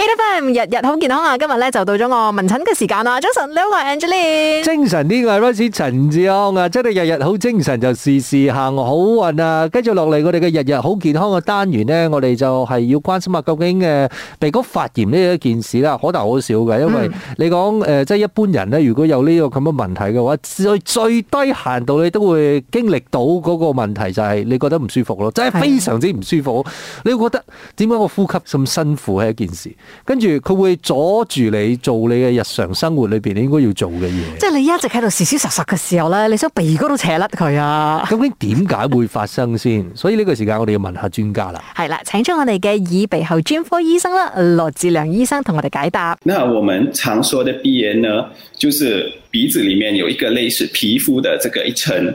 eight FM 日日好健康啊！今日咧就到咗我問診嘅時間啦。Jason 你好啊，Angeline，精神啲嘅，Rushy 陳志康啊，真係日日好精神，就事事行好運啊！跟住落嚟，我哋嘅日日好健康嘅單元咧，我哋就係要關心下，究竟誒鼻哥發炎呢一件事啦，可大可小嘅。因為你講誒，即係一般人咧，如果有呢個咁嘅問題嘅話，最最低限度你都會經歷到嗰個問題，就係你覺得唔舒服咯，真係非常之唔舒服。你會覺得點解個呼吸咁辛苦係一件事。跟住佢會阻住你做你嘅日常生活裏邊你應該要做嘅嘢。即係你一直喺度時時實實嘅時候咧，你想鼻哥都扯甩佢啊！究竟點解會發生先？ 所以呢個時間我哋要問下專家啦。係啦，請出我哋嘅耳鼻喉專科醫生啦，羅志亮醫生同我哋解答。那我們常說嘅鼻炎呢，就是鼻子裏面有一個類似皮膚的這個一層。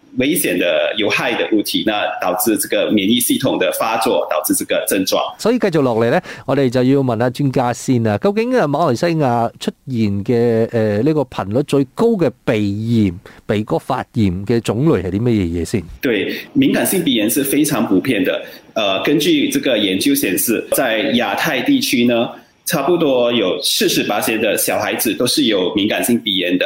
危險的有害的物體，那導致這個免疫系統的發作，導致這個症狀。所以繼續落嚟呢，我哋就要問下專家先啦。究竟馬來西亞出現嘅呢、呃這個頻率最高嘅鼻炎、鼻哥發炎嘅種類係啲咩嘢先？對，敏感性鼻炎是非常普遍的。呃，根據這個研究顯示，在亞太地區呢，差不多有四十八 percent 嘅小孩子都是有敏感性鼻炎的。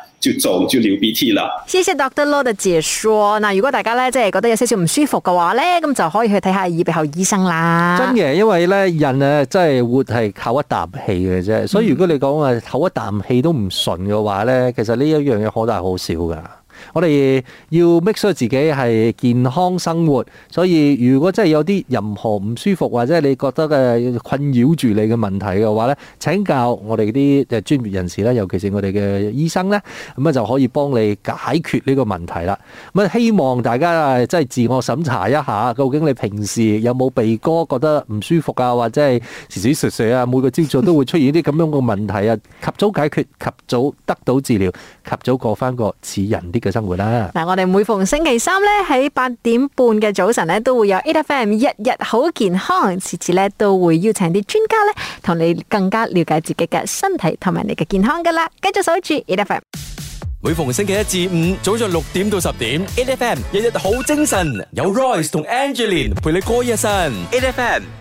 就做就流鼻涕啦。多謝 Dr. Law 嘅解說。嗱，如果大家咧即係覺得有少少唔舒服嘅話咧，咁就可以去睇下耳鼻喉醫生啦。真嘅，因為咧人啊，真係活係靠一啖氣嘅啫、嗯。所以如果你講啊，唞一啖氣都唔順嘅話咧，其實呢一樣嘢可大可少噶。我哋要 make sure 自己係健康生活，所以如果真係有啲任何唔舒服或者你覺得嘅困擾住你嘅問題嘅話咧，請教我哋啲專業人士啦，尤其是我哋嘅醫生咧，咁啊就可以幫你解決呢個問題啦。咁啊，希望大家啊真係自我審查一下，究竟你平時有冇鼻哥覺得唔舒服啊，或者係時時蛇蛇啊，每個朝早都會出現啲咁樣嘅問題啊， 及早解決，及早得到治療，及早過翻個似人啲嘅生活啦！嗱， 我哋每逢星期三咧，喺八點半嘅早晨咧，都會有 ATFM 日日好健康，次次咧都會邀請啲專家咧，同你更加了解自己嘅身體同埋你嘅健康㗎喇。繼續守住 ATFM，每逢星期一至五早上六點到十點，ATFM 日日好精神，有 Royce 同 Angelin 陪你過一晨，ATFM。